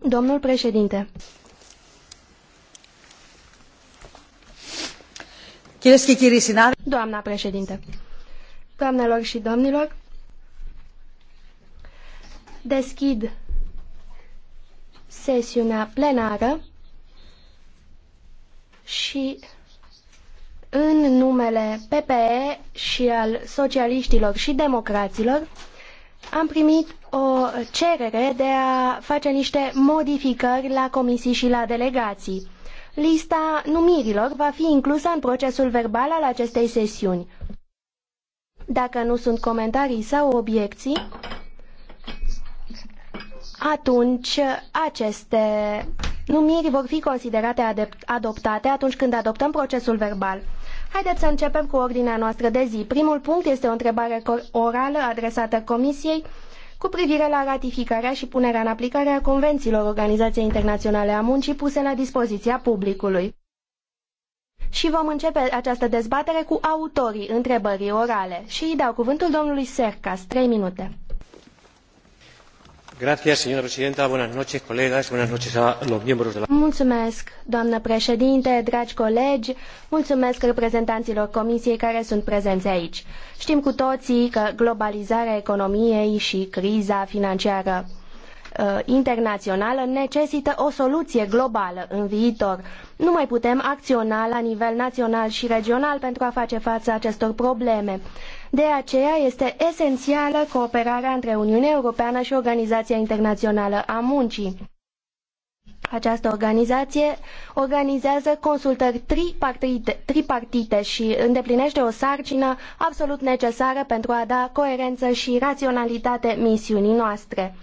Domnul președinte. Doamna președinte. Doamnelor și domnilor, deschid sesiunea plenară și în numele PPE și al socialiștilor și democraților am primit o cerere de a face niște modificări la comisii și la delegații. Lista numirilor va fi inclusă în procesul verbal al acestei sesiuni. Dacă nu sunt comentarii sau obiecții, atunci aceste numiri vor fi considerate adoptate atunci când adoptăm procesul verbal. Haideți să începem cu ordinea noastră de zi. Primul punct este o întrebare orală adresată Comisiei cu privire la ratificarea și punerea în aplicare a convențiilor Organizației Internaționale a Muncii puse la dispoziția publicului. Și vom începe această dezbatere cu autorii întrebării orale și îi dau cuvântul domnului Serca, 3 minute. Mulțumesc, doamnă președinte, dragi colegi, mulțumesc reprezentanților comisiei care sunt prezenți aici. Știm cu toții că globalizarea economiei și criza financiară uh, internațională necesită o soluție globală în viitor. Nu mai putem acționa la nivel național și regional pentru a face față acestor probleme. De aceea este esențială cooperarea între Uniunea Europeană și Organizația Internațională a Muncii. Această organizație organizează consultări tripartite, tripartite și îndeplinește o sarcină absolut necesară pentru a da coerență și raționalitate misiunii noastre.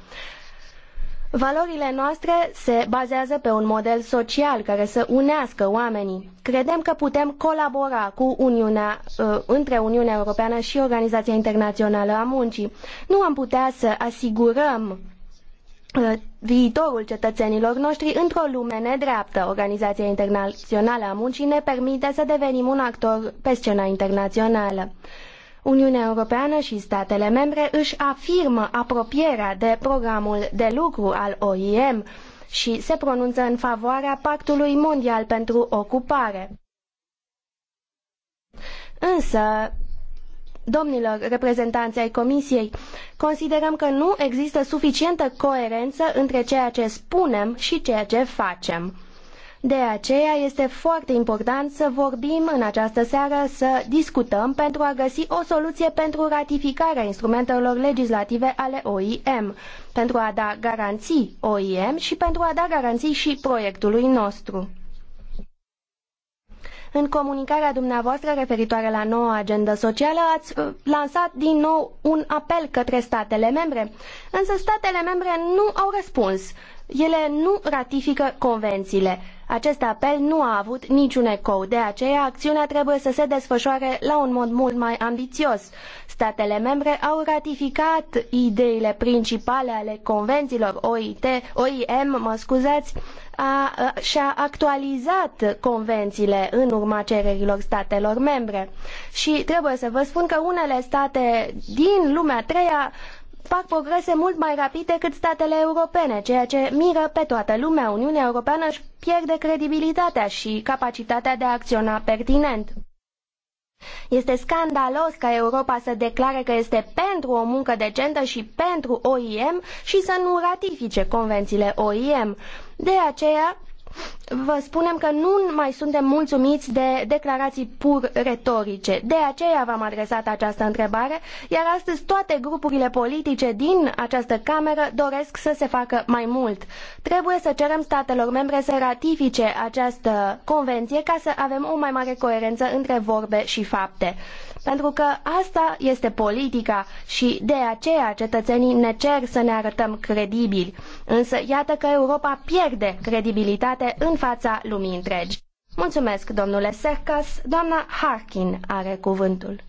Valorile noastre se bazează pe un model social care să unească oamenii. Credem că putem colabora cu Uniunea, uh, între Uniunea Europeană și Organizația Internațională a Muncii. Nu am putea să asigurăm uh, viitorul cetățenilor noștri într-o lume nedreaptă. Organizația Internațională a Muncii ne permite să devenim un actor pe scena internațională. Uniunea Europeană și statele membre își afirmă apropierea de programul de lucru al OIM și se pronunță în favoarea Pactului Mondial pentru Ocupare. Însă, domnilor reprezentanți ai Comisiei, considerăm că nu există suficientă coerență între ceea ce spunem și ceea ce facem. De aceea este foarte important să vorbim în această seară, să discutăm pentru a găsi o soluție pentru ratificarea instrumentelor legislative ale OIM, pentru a da garanții OIM și pentru a da garanții și proiectului nostru. În comunicarea dumneavoastră referitoare la noua agendă socială ați uh, lansat din nou un apel către statele membre, însă statele membre nu au răspuns ele nu ratifică convențiile. Acest apel nu a avut niciun ecou, de aceea acțiunea trebuie să se desfășoare la un mod mult mai ambițios. Statele membre au ratificat ideile principale ale convențiilor OIT, OIM, mă scuzați, a, a, și-a actualizat convențiile în urma cererilor statelor membre. Și trebuie să vă spun că unele state din lumea a treia fac progrese mult mai rapide decât statele europene, ceea ce miră pe toată lumea. Uniunea Europeană își pierde credibilitatea și capacitatea de a acționa pertinent. Este scandalos ca Europa să declare că este pentru o muncă decentă și pentru OIM și să nu ratifice convențiile OIM. De aceea, vă spunem că nu mai suntem mulțumiți de declarații pur retorice. De aceea v-am adresat această întrebare, iar astăzi toate grupurile politice din această cameră doresc să se facă mai mult. Trebuie să cerem statelor membre să ratifice această convenție ca să avem o mai mare coerență între vorbe și fapte. Pentru că asta este politica și de aceea cetățenii ne cer să ne arătăm credibili. Însă iată că Europa pierde credibilitate dreptate în fața lumii întregi. Mulțumesc, domnule Sercas. Doamna Harkin are cuvântul.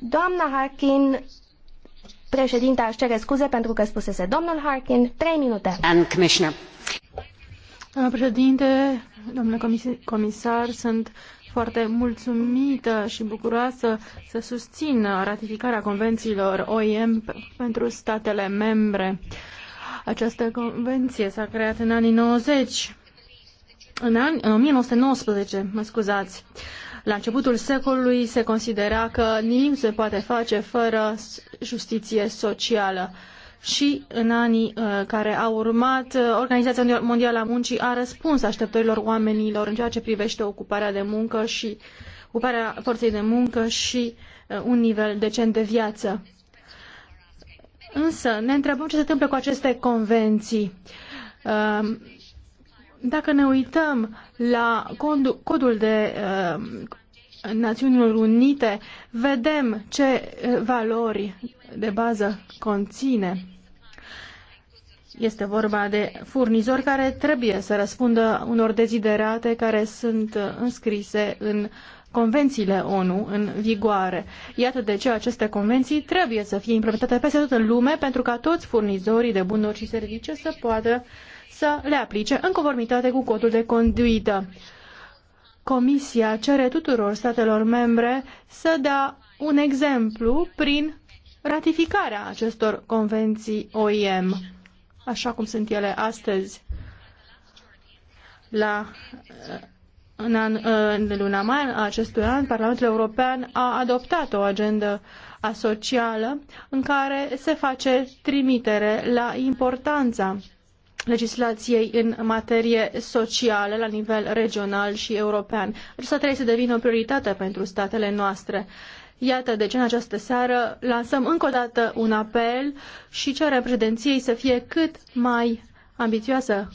Doamna Harkin, președinte, aș cere scuze pentru că spusese domnul Harkin, trei minute. And commissioner. Doamna președinte, domnule comisar, sunt foarte mulțumită și bucuroasă să susțin ratificarea convențiilor OIM pentru statele membre. Uh, această convenție s-a creat în anii 90, în, an, în 1919, mă scuzați. La începutul secolului se considera că nimic se poate face fără justiție socială și în anii uh, care au urmat, uh, Organizația Mondială a Muncii a răspuns așteptărilor oamenilor în ceea ce privește ocuparea de muncă și ocuparea forței de muncă și uh, un nivel decent de viață. Însă ne întrebăm ce se întâmplă cu aceste convenții. Um, dacă ne uităm la codul de um, Națiunilor Unite, vedem ce uh, valori de bază conține. Este vorba de furnizori care trebuie să răspundă unor deziderate care sunt uh, înscrise în convențiile ONU în vigoare. Iată de ce aceste convenții trebuie să fie implementate peste tot în lume pentru ca toți furnizorii de bunuri și servicii să poată să le aplice în conformitate cu codul de conduită. Comisia cere tuturor statelor membre să dea un exemplu prin ratificarea acestor convenții OIM, așa cum sunt ele astăzi. La în, an, în luna mai acestui an, Parlamentul European a adoptat o agendă socială în care se face trimitere la importanța legislației în materie socială la nivel regional și european. Acesta trebuie să devină o prioritate pentru statele noastre. Iată de ce în această seară lansăm încă o dată un apel și cerem președinției să fie cât mai ambițioasă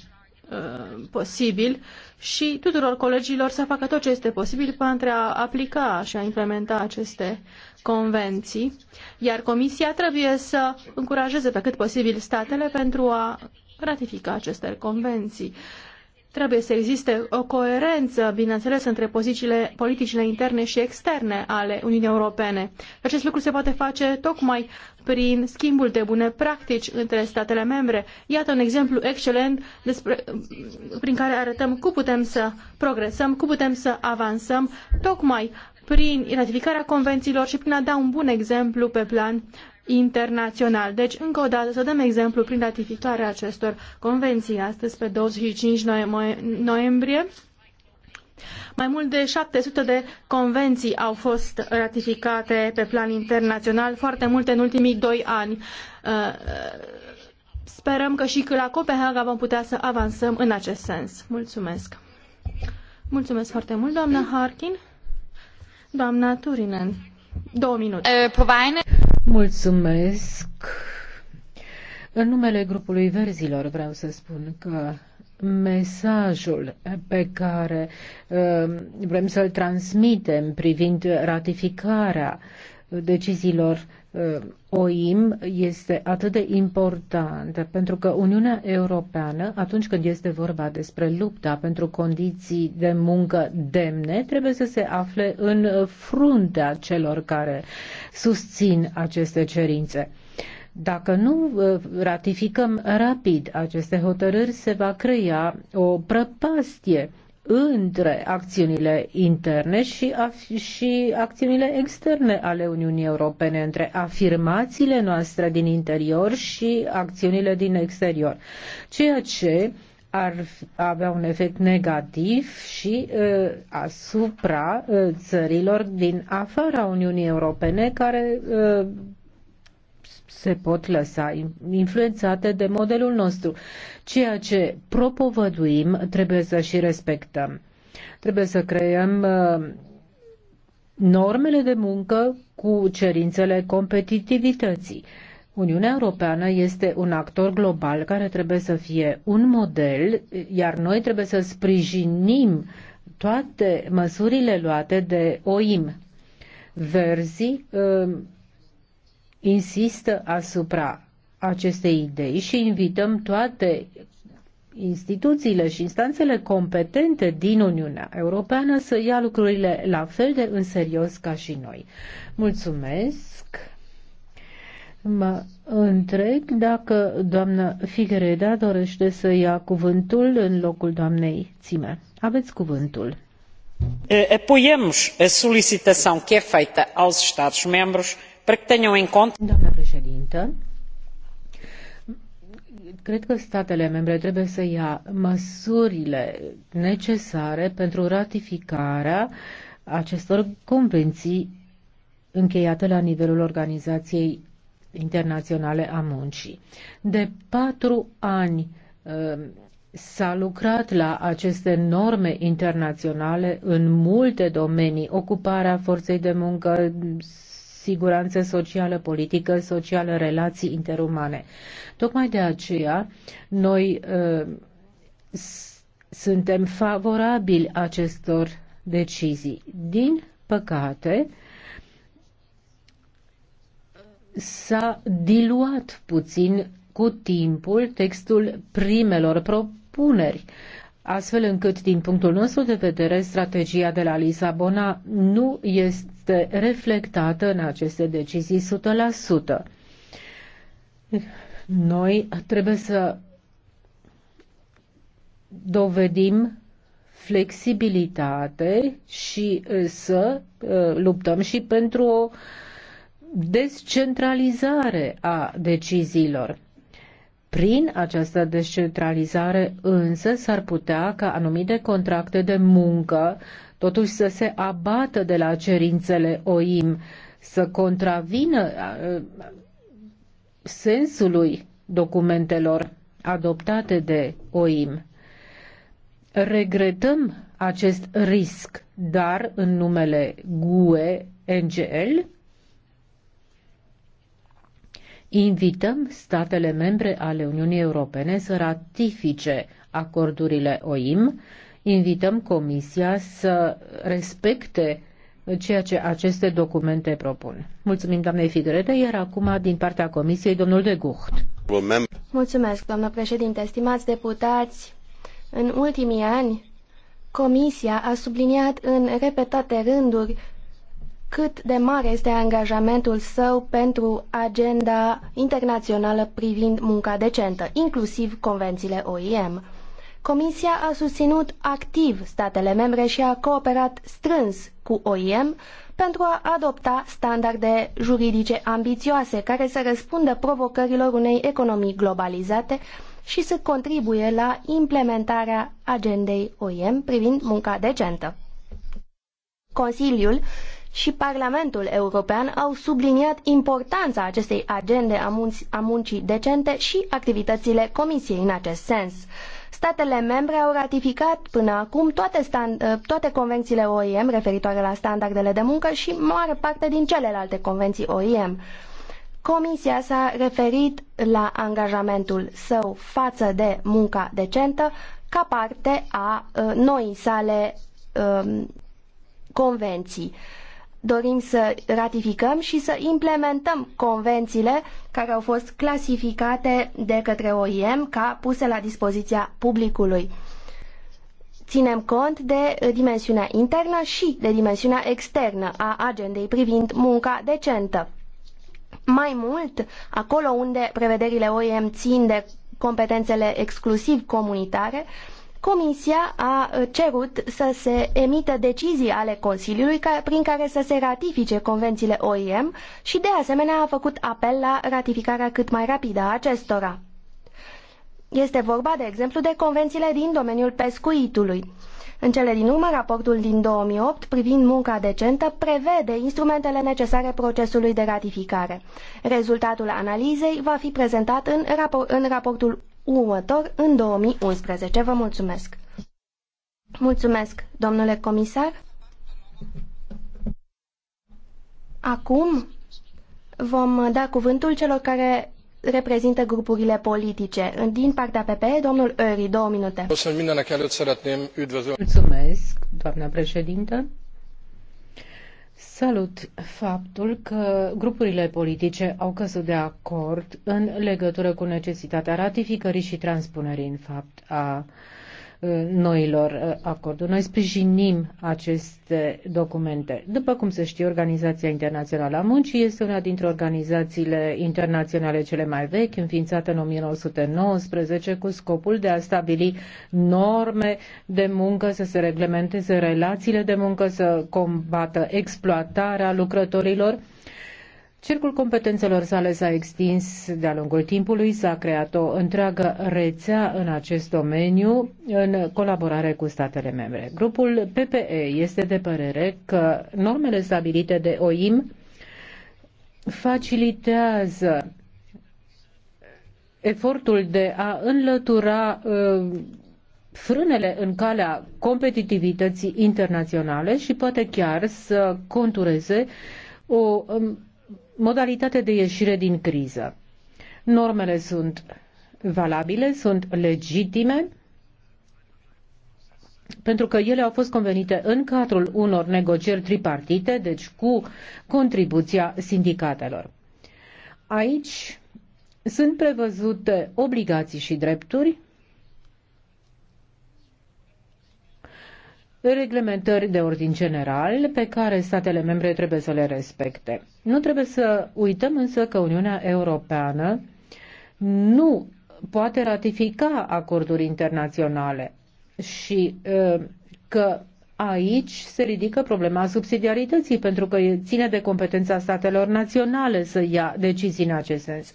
uh, posibil și tuturor colegilor să facă tot ce este posibil pentru a aplica și a implementa aceste convenții, iar Comisia trebuie să încurajeze pe cât posibil statele pentru a ratifica aceste convenții. Trebuie să existe o coerență, bineînțeles, între pozițiile, politicile interne și externe ale Uniunii Europene. Acest lucru se poate face tocmai prin schimbul de bune practici între statele membre. Iată un exemplu excelent despre, prin care arătăm cum putem să progresăm, cum putem să avansăm, tocmai prin ratificarea convențiilor și prin a da un bun exemplu pe plan internațional. Deci, încă o dată, să dăm exemplu prin ratificarea acestor convenții astăzi, pe 25 noiembrie. Mai mult de 700 de convenții au fost ratificate pe plan internațional, foarte multe în ultimii doi ani. Uh, uh, sperăm că și la Copenhaga vom putea să avansăm în acest sens. Mulțumesc! Mulțumesc foarte mult, doamna Harkin. Doamna Turinen, două minute. Uh, Mulțumesc. În numele grupului Verzilor vreau să spun că mesajul pe care uh, vrem să-l transmitem privind ratificarea deciziilor uh, OIM este atât de importantă, pentru că Uniunea Europeană, atunci când este vorba despre lupta pentru condiții de muncă demne, trebuie să se afle în fruntea celor care susțin aceste cerințe. Dacă nu uh, ratificăm rapid aceste hotărâri, se va crea o prăpastie între acțiunile interne și, af- și acțiunile externe ale Uniunii Europene, între afirmațiile noastre din interior și acțiunile din exterior, ceea ce ar avea un efect negativ și uh, asupra uh, țărilor din afara Uniunii Europene care uh, se pot lăsa influențate de modelul nostru. Ceea ce propovăduim trebuie să și respectăm. Trebuie să creăm uh, normele de muncă cu cerințele competitivității. Uniunea Europeană este un actor global care trebuie să fie un model, iar noi trebuie să sprijinim toate măsurile luate de OIM. Verzi uh, insistă asupra acestei idei și invităm toate instituțiile și instanțele competente din Uniunea Europeană să ia lucrurile la fel de în serios ca și noi. Mulțumesc! Mă întreg dacă doamna Figuereda dorește să ia cuvântul în locul doamnei Țime. Aveți cuvântul. Apoiem a solicitação um que é feita aos Estados-membros Doamnă președintă, cred că statele membre trebuie să ia măsurile necesare pentru ratificarea acestor convenții încheiate la nivelul Organizației Internaționale a Muncii. De patru ani um, s-a lucrat la aceste norme internaționale în multe domenii, ocuparea forței de muncă, siguranță socială, politică socială, relații interumane. Tocmai de aceea, noi uh, suntem favorabili acestor decizii. Din păcate, s-a diluat puțin cu timpul textul primelor propuneri, astfel încât, din punctul nostru de vedere, strategia de la Lisabona nu este este reflectată în aceste decizii 100%. Noi trebuie să dovedim flexibilitate și uh, să uh, luptăm și pentru o descentralizare a deciziilor. Prin această descentralizare însă s-ar putea ca anumite contracte de muncă totuși să se abată de la cerințele OIM, să contravină sensului documentelor adoptate de OIM. Regretăm acest risc, dar în numele GUE NGL invităm statele membre ale Uniunii Europene să ratifice acordurile OIM, invităm Comisia să respecte ceea ce aceste documente propun. Mulțumim, doamnei Figurete, iar acum, din partea Comisiei, domnul de Gucht. Mulțumesc, doamnă președinte, stimați deputați. În ultimii ani, Comisia a subliniat în repetate rânduri cât de mare este angajamentul său pentru agenda internațională privind munca decentă, inclusiv convențiile OIM. Comisia a susținut activ statele membre și a cooperat strâns cu OIM pentru a adopta standarde juridice ambițioase care să răspundă provocărilor unei economii globalizate și să contribuie la implementarea agendei OIM privind munca decentă. Consiliul și Parlamentul European au subliniat importanța acestei agende a, munci, a muncii decente și activitățile Comisiei în acest sens. Statele membre au ratificat până acum toate, stand, uh, toate convențiile OIM referitoare la standardele de muncă și mare parte din celelalte convenții OIM. Comisia s-a referit la angajamentul său față de munca decentă ca parte a uh, noii sale uh, convenții. Uh, dorim să ratificăm și să implementăm convențiile care au fost clasificate de către OIM ca puse la dispoziția publicului. Ținem cont de dimensiunea internă și de dimensiunea externă a agendei privind munca decentă. Mai mult, acolo unde prevederile OIM țin de competențele exclusiv comunitare, Comisia a uh, cerut să se emită decizii ale Consiliului prin care să se ratifice convențiile OIM și de asemenea a făcut apel la ratificarea cât mai rapidă a acestora. Este vorba, de exemplu, de convențiile din domeniul pescuitului. În cele din urmă, raportul din 2008 privind munca decentă prevede instrumentele necesare procesului de ratificare. Rezultatul analizei va fi prezentat în, rapor în raportul următor în 2011. Vă mulțumesc! Mulțumesc, domnule comisar! Acum vom da cuvântul celor care reprezintă grupurile politice. Din partea PPE, domnul Öri, două minute. Mulțumesc, doamna președintă. Salut faptul că grupurile politice au căzut de acord în legătură cu necesitatea ratificării și transpunerii în fapt a Uh, noilor uh, acorduri. Noi sprijinim aceste documente. După cum se știe, Organizația Internațională a Muncii este una dintre organizațiile internaționale cele mai vechi, înființată în 1919 cu scopul de a stabili norme de muncă, să se reglementeze relațiile de muncă, să combată exploatarea lucrătorilor Cercul competențelor sale s-a extins de-a lungul timpului, s-a creat o întreagă rețea în acest domeniu în colaborare cu statele membre. Grupul PPE este de părere că normele stabilite de OIM facilitează efortul de a înlătura uh, frânele în calea competitivității internaționale și poate chiar să contureze o um, modalitate de ieșire din criză. Normele sunt valabile, sunt legitime, pentru că ele au fost convenite în cadrul unor negocieri tripartite, deci cu contribuția sindicatelor. Aici sunt prevăzute obligații și drepturi reglementări de ordin general pe care statele membre trebuie să le respecte. Nu trebuie să uităm însă că Uniunea Europeană nu poate ratifica acorduri internaționale și ă, că aici se ridică problema subsidiarității pentru că ține de competența statelor naționale să ia decizii în acest sens.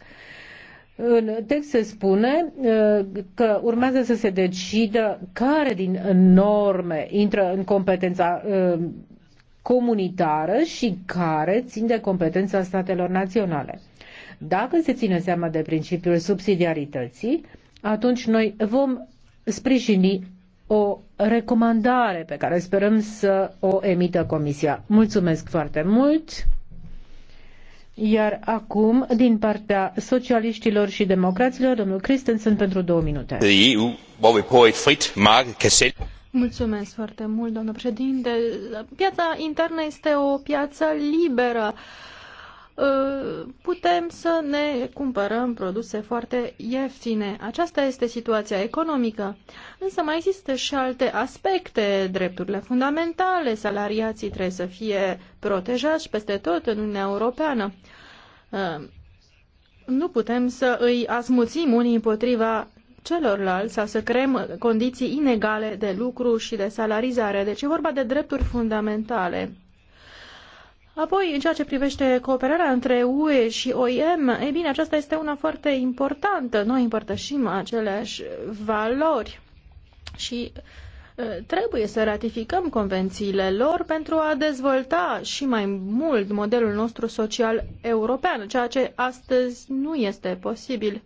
În text se spune uh, că urmează să se decidă care din norme intră în competența uh, comunitară și care țin de competența statelor naționale. Dacă se ține seama de principiul subsidiarității, atunci noi vom sprijini o recomandare pe care sperăm să o emită Comisia. Mulțumesc foarte mult! Iar acum, din partea socialiștilor și democraților, domnul Christensen pentru două minute. EU, frit Mulțumesc foarte mult, domnul președinte. Piața internă este o piață liberă. Uh, Ă, putem să ne cumpărăm produse foarte ieftine. Aceasta este situația economică. Însă mai există și alte aspecte, drepturile fundamentale, salariații trebuie să fie protejați peste tot în Uniunea Europeană. Ă, nu putem să îi asmuțim unii împotriva celorlalți sau să creăm condiții inegale de lucru și de salarizare. Deci e vorba de drepturi fundamentale Apoi, în ceea ce privește cooperarea între UE și OIM, e bine, aceasta este una foarte importantă. Noi împărtășim aceleași valori și trebuie să ratificăm convențiile lor pentru a dezvolta și mai mult modelul nostru social european, ceea ce astăzi nu este posibil.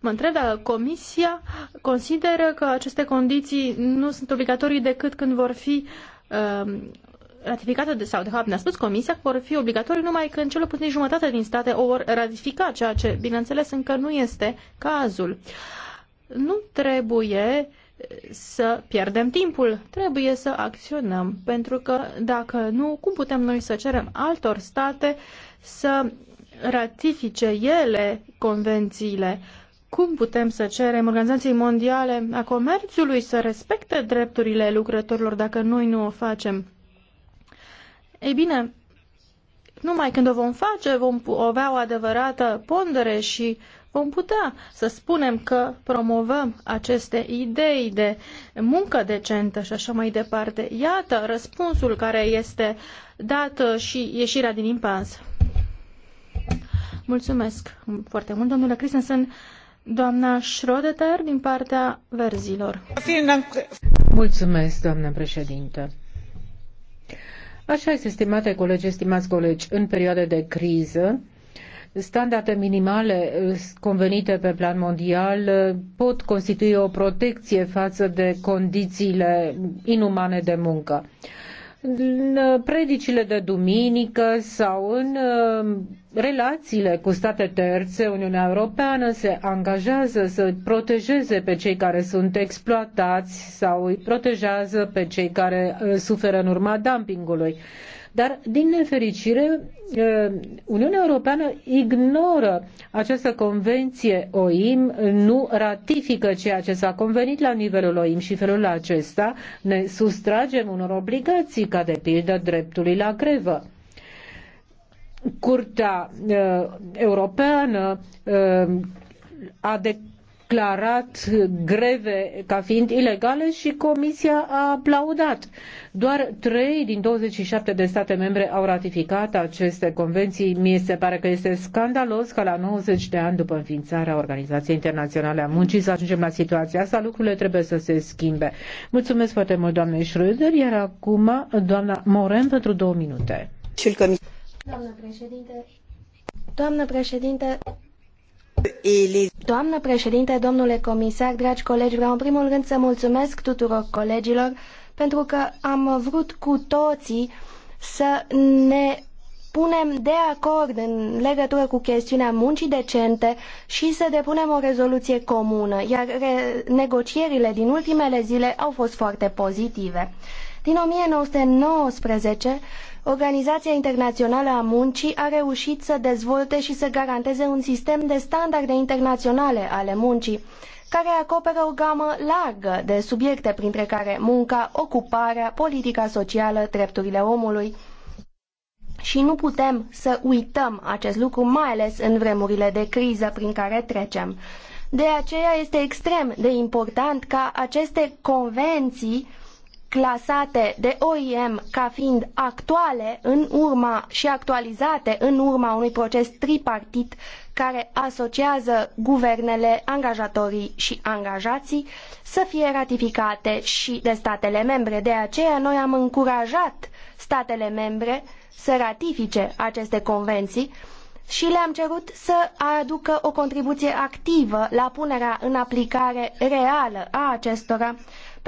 Mă întreb dacă Comisia consideră că aceste condiții nu sunt obligatorii decât când vor fi ratificată de, sau de fapt ne-a spus Comisia că vor fi obligatorii numai când cel puțin jumătate din state o vor ratifica, ceea ce, bineînțeles, încă nu este cazul. Nu trebuie să pierdem timpul, trebuie să acționăm, pentru că dacă nu, cum putem noi să cerem altor state să ratifice ele convențiile? Cum putem să cerem Organizației Mondiale a Comerțului să respecte drepturile lucrătorilor dacă noi nu o facem? Ei bine, numai când o vom face, vom avea o adevărată pondere și vom putea să spunem că promovăm aceste idei de muncă decentă și așa mai departe. Iată răspunsul care este dat uh, și ieșirea din impans. Mulțumesc foarte mult, domnule Christensen. Doamna Schrodeter, din partea verzilor. Mulțumesc, doamnă președintă. Așa este, stimate colegi, stimați colegi, în perioade de criză, standarde minimale uh, convenite pe plan mondial uh, pot constitui o protecție față de condițiile inumane de muncă în uh, predicile de duminică sau în uh, relațiile cu state terțe, Uniunea Europeană se angajează să protejeze pe cei care sunt exploatați sau îi protejează pe cei care uh, suferă în urma dumpingului. Dar, din nefericire, eh, Uniunea Europeană ignoră această convenție OIM, nu ratifică ceea ce s-a convenit la nivelul OIM și felul acesta ne sustragem unor obligații, ca de pildă dreptului la grevă. Curtea uh, Europeană uh, a de declarat greve ca fiind ilegale și Comisia a aplaudat. Doar 3 din 27 de state membre au ratificat aceste convenții. Mi se pare că este scandalos că la 90 de ani după înființarea Organizației Internaționale a Muncii să ajungem la situația asta. Lucrurile trebuie să se schimbe. Mulțumesc foarte mult, doamne Schröder, iar acum doamna Moren pentru două minute. Doamnă președinte, doamnă președinte, Doamnă președinte, domnule comisar, dragi colegi, vreau în primul rând să mulțumesc tuturor colegilor pentru că am vrut cu toții să ne punem de acord în legătură cu chestiunea muncii decente și să depunem o rezoluție comună, iar negocierile din ultimele zile au fost foarte pozitive. Din 1919, Organizația Internațională a Muncii a reușit să dezvolte și să garanteze un sistem de standarde internaționale ale muncii, care acoperă o gamă largă de subiecte, printre care munca, ocuparea, politica socială, drepturile omului. Și nu putem să uităm acest lucru, mai ales în vremurile de criză prin care trecem. De aceea este extrem de important ca aceste convenții clasate de OIM ca fiind actuale în urma și actualizate în urma unui proces tripartit care asociază guvernele, angajatorii și angajații să fie ratificate și de statele membre. De aceea noi am încurajat statele membre să ratifice aceste convenții și le-am cerut să aducă o contribuție activă la punerea în aplicare reală a acestora uh,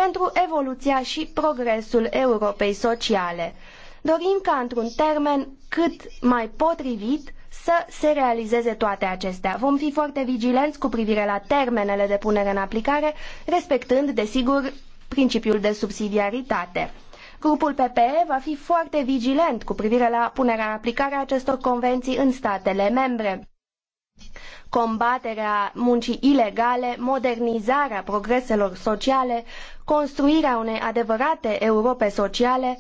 pentru evoluția și progresul Europei sociale. Dorim ca într-un termen cât mai potrivit să se realizeze toate acestea. Vom fi foarte vigilenți cu privire la termenele de punere în aplicare, respectând, desigur, principiul de subsidiaritate. Grupul PPE va fi foarte vigilent cu privire la punerea în aplicare a acestor convenții în statele membre combaterea muncii ilegale, modernizarea progreselor sociale, construirea unei adevărate Europe sociale,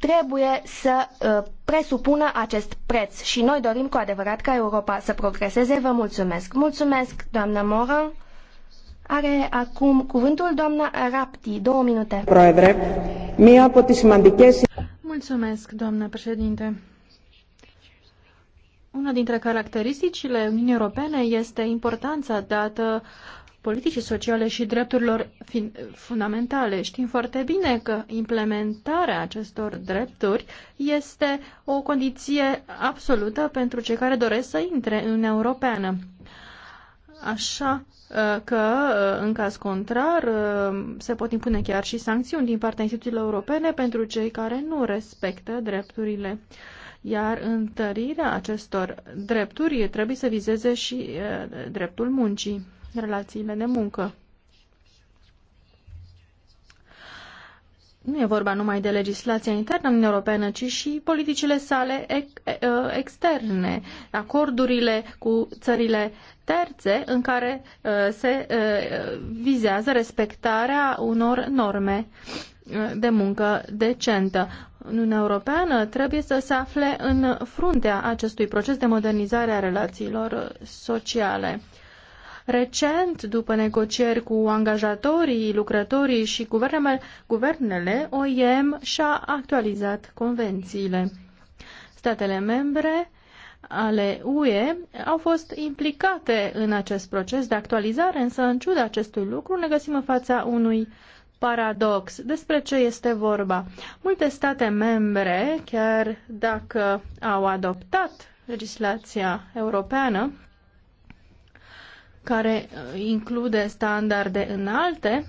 trebuie să uh, presupună acest preț și noi dorim cu adevărat ca Europa să progreseze. Vă mulțumesc. Mulțumesc, doamna Moran. Are acum cuvântul doamna Rapti. Două minute. Mulțumesc, doamna președinte. Una dintre caracteristicile Uniunii Europene este importanța dată politicii sociale și drepturilor fundamentale. Știm foarte bine că implementarea acestor drepturi este o condiție absolută pentru cei care doresc să intre în Uniunea Europeană. Așa ă, că, ă, în caz contrar, ă, se pot impune chiar și sancțiuni din partea instituțiilor europene pentru cei care nu respectă drepturile iar întărirea acestor drepturi trebuie să vizeze și dreptul muncii, relațiile de muncă. Nu e vorba numai de legislația internă în Europeană, ci și politicile sale externe, acordurile cu țările terțe în care se vizează respectarea unor norme de muncă decentă. Uniunea Europeană trebuie să se afle în fruntea acestui proces de modernizare a relațiilor sociale. Recent, după negocieri cu angajatorii, lucrătorii și guvernele, guvernele OIM și-a actualizat convențiile. Statele membre ale UE au fost implicate în acest proces de actualizare, însă în ciuda acestui lucru ne găsim în fața unui paradox. Despre ce este vorba? Multe state membre, chiar dacă au adoptat legislația europeană, care uh, include standarde înalte,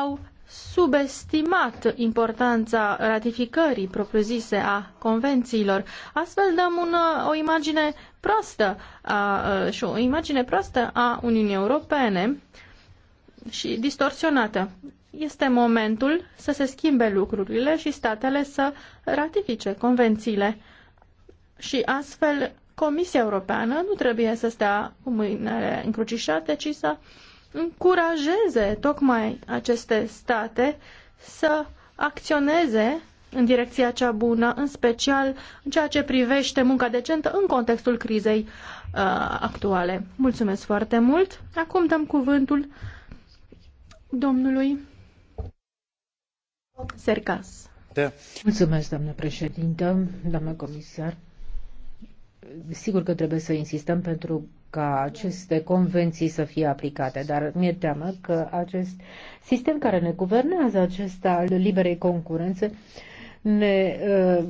au subestimat importanța ratificării propriu-zise a convențiilor. Astfel dăm un, uh, o imagine proastă a, uh, și o imagine proastă a Uniunii Europene și distorsionată. Este momentul să se schimbe lucrurile și statele să ratifice convențiile. Și astfel, Comisia Europeană nu trebuie să stea cu mâinile încrucișate, ci să încurajeze tocmai aceste state să acționeze în direcția cea bună, în special în ceea ce privește munca decentă în contextul crizei uh, actuale. Mulțumesc foarte mult! Acum dăm cuvântul domnului Sercas. Da. Mulțumesc, doamnă președintă, doamnă comisar. Sigur că trebuie să insistăm pentru ca aceste convenții să fie aplicate, dar mi-e teamă că acest sistem care ne guvernează, acesta al liberei concurențe, ne uh,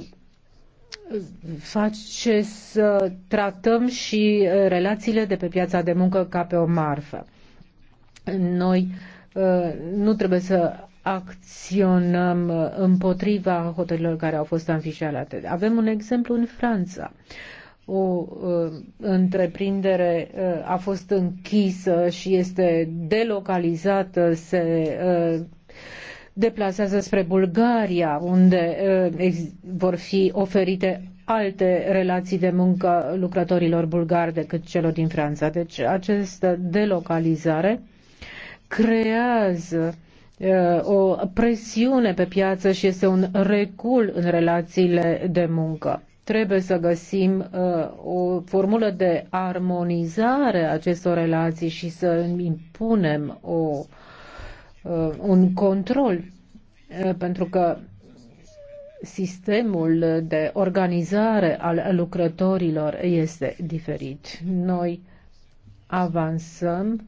face să tratăm și uh, relațiile de pe piața de muncă ca pe o marfă. Noi uh, Uh, nu trebuie să acționăm uh, împotriva hotelurilor care au fost anfișalate. Avem un exemplu în Franța. O uh, întreprindere uh, a fost închisă și este delocalizată, se uh, deplasează spre Bulgaria, unde uh, vor fi oferite alte relații de muncă lucrătorilor bulgari decât celor din Franța. Deci această delocalizare creează uh, o presiune pe piață și este un recul în relațiile de muncă. Trebuie să găsim uh, o formulă de armonizare a acestor relații și să impunem o, uh, un control, pentru că sistemul de organizare al lucrătorilor este diferit. Noi avansăm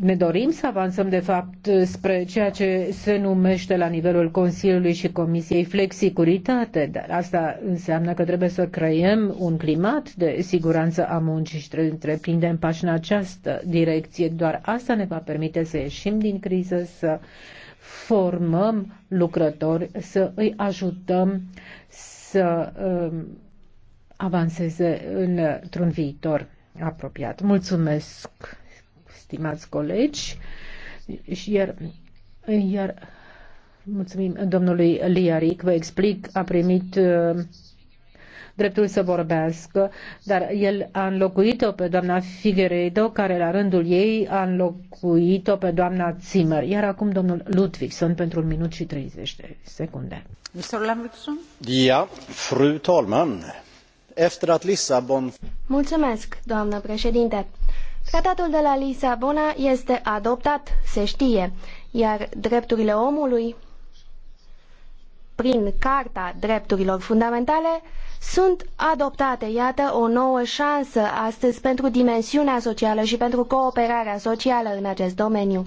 ne dorim să avansăm, de fapt, spre ceea ce se numește la nivelul Consiliului și Comisiei flexicuritate, dar asta înseamnă că trebuie să creăm un climat de siguranță a muncii și trebuie întreprindem pași în această direcție. Doar asta ne va permite să ieșim din criză, să formăm lucrători, să îi ajutăm să um, avanseze într-un viitor apropiat. Mulțumesc! stimați colegi, iar, iar mulțumim domnului Liaric, vă explic, a primit uh, dreptul să vorbească, dar el a înlocuit-o pe doamna Figueredo, care la rândul ei a înlocuit-o pe doamna Zimmer. Iar acum domnul sunt pentru un minut și 30 de secunde. Ja, fru talman. Efter att Lissabon... Mulțumesc, doamnă președinte. Tratatul de la Lisabona este adoptat, se știe, iar drepturile omului, prin Carta Drepturilor Fundamentale, sunt adoptate, iată, o nouă șansă astăzi pentru dimensiunea socială și pentru cooperarea socială în acest domeniu.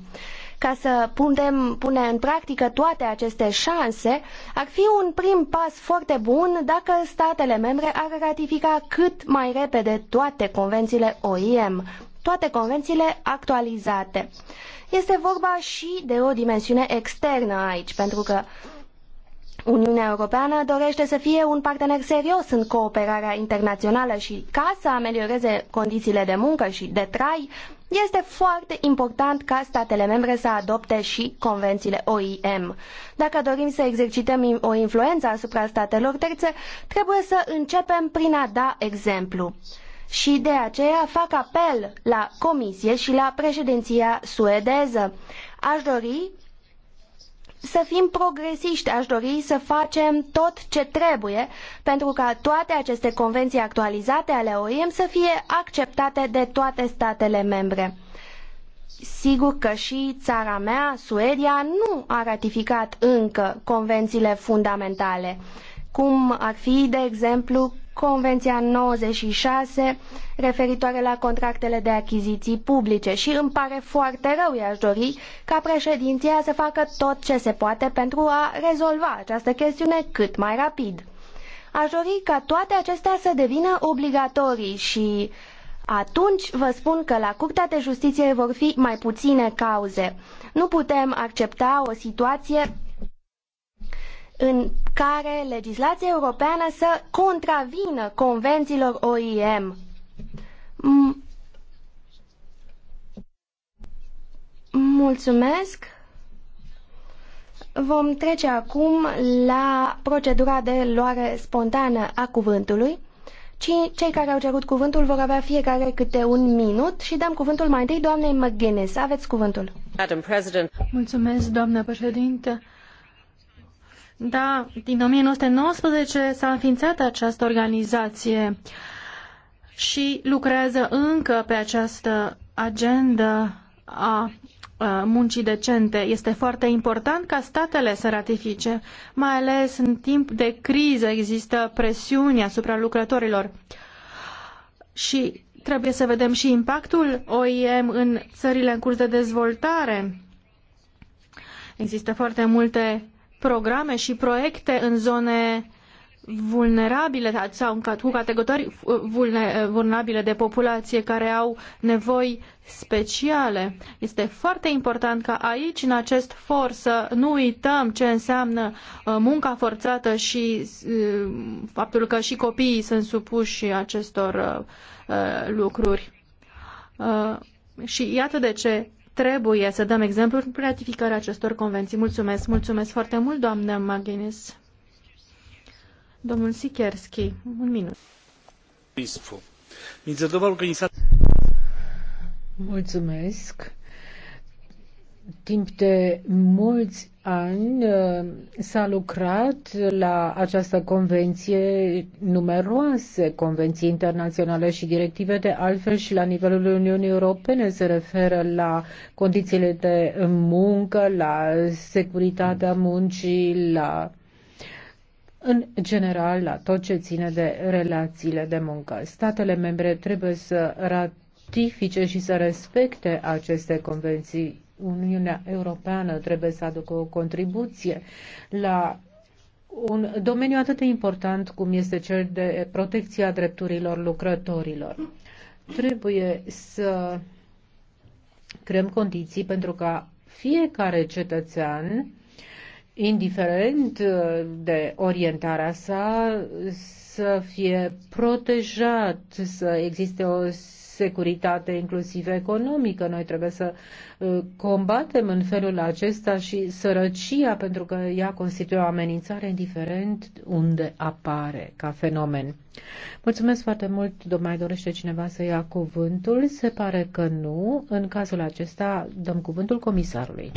Ca să putem pune în practică toate aceste șanse, ar fi un prim pas foarte bun dacă statele membre ar ratifica cât mai repede toate convențiile OIM, toate convențiile actualizate. Este vorba și de o dimensiune externă aici, pentru că Uniunea Europeană dorește să fie un partener serios în cooperarea internațională și ca să amelioreze condițiile de muncă și de trai, este foarte important ca statele membre să adopte și convențiile OIM. Dacă dorim să exercităm o influență asupra statelor terțe, trebuie să începem prin a da exemplu și de aceea fac apel la Comisie și la președinția suedeză. Aș dori să fim progresiști, aș dori să facem tot ce trebuie pentru ca toate aceste convenții actualizate ale OIM să fie acceptate de toate statele membre. Sigur că și țara mea, Suedia, nu a ratificat încă convențiile fundamentale, cum ar fi, de exemplu, Convenția 96 referitoare la contractele de achiziții publice și îmi pare foarte rău, i-aș dori, ca președinția să facă tot ce se poate pentru a rezolva această chestiune cât mai rapid. Aș dori ca toate acestea să devină obligatorii și atunci vă spun că la Curtea de Justiție vor fi mai puține cauze. Nu putem accepta o situație în care legislația europeană să contravină convențiilor OIM. Mulțumesc. Vom trece acum la procedura de luare spontană a cuvântului. Cei care au cerut cuvântul vor avea fiecare câte un minut și dăm cuvântul mai întâi doamnei McGuinness. Aveți cuvântul. Mulțumesc, doamnă președintă. Da, din 1919 s-a înființat această organizație și lucrează încă pe această agendă a muncii decente. Este foarte important ca statele să ratifice, mai ales în timp de criză există presiuni asupra lucrătorilor. Și trebuie să vedem și impactul OIM în țările în curs de dezvoltare. Există foarte multe programe și proiecte în zone vulnerabile sau cu categorii vulnerabile de populație care au nevoi speciale. Este foarte important ca aici, în acest for, să nu uităm ce înseamnă uh, munca forțată și uh, faptul că și copiii sunt supuși acestor uh, lucruri. Și iată de ce trebuie să dăm exemplu în ratificarea acestor convenții. Mulțumesc, mulțumesc foarte mult, doamnă Maghinis. Domnul Sikerski, un minut. Mulțumesc timp de mulți ani uh, s-a lucrat la această convenție, numeroase convenții internaționale și directive, de altfel și la nivelul Uniunii Europene se referă la condițiile de muncă, la securitatea muncii, la în general la tot ce ține de relațiile de muncă. Statele membre trebuie să ratifice și să respecte aceste convenții Uniunea Europeană trebuie să aducă o contribuție la un domeniu atât de important cum este cel de protecția drepturilor lucrătorilor. Trebuie să creăm condiții pentru ca fiecare cetățean, indiferent uh, de orientarea sa, să fie protejat, să existe o securitate, inclusiv economică. Noi trebuie să uh, combatem în felul acesta și sărăcia, pentru că ea constituie o amenințare indiferent unde apare ca fenomen. Mulțumesc foarte mult. Mai dorește cineva să ia cuvântul? Se pare că nu. În cazul acesta dăm cuvântul comisarului.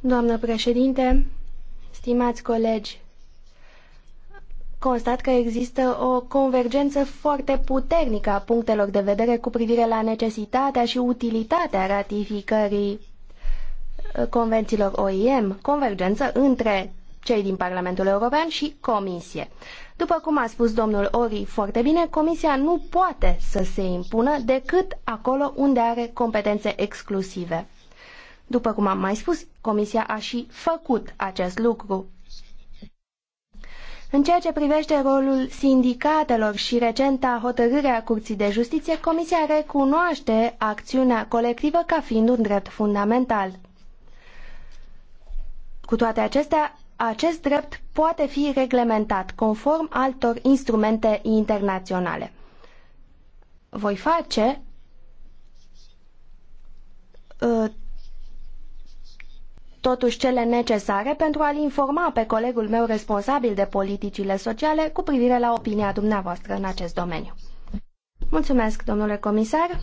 Doamnă președinte, stimați colegi, constat că există o convergență foarte puternică a punctelor de vedere cu privire la necesitatea și utilitatea ratificării uh, convențiilor OIM, convergență între cei din Parlamentul European și Comisie. După cum a spus domnul Ori foarte bine, Comisia nu poate să se impună decât acolo unde are competențe exclusive. După cum am mai spus, Comisia a și făcut acest lucru. În ceea ce privește rolul sindicatelor și recenta hotărâre a Curții de Justiție, Comisia recunoaște acțiunea colectivă ca fiind un drept fundamental. Cu toate acestea, acest drept poate fi reglementat conform altor instrumente internaționale. Voi face uh, totuși cele necesare pentru a-l informa pe colegul meu responsabil de politicile sociale cu privire la opinia dumneavoastră în acest domeniu. Mulțumesc, domnule comisar.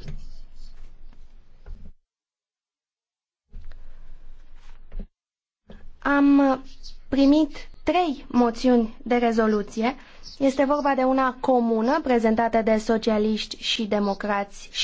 Am primit trei moțiuni de rezoluție. Este vorba de una comună prezentată de socialiști și democrați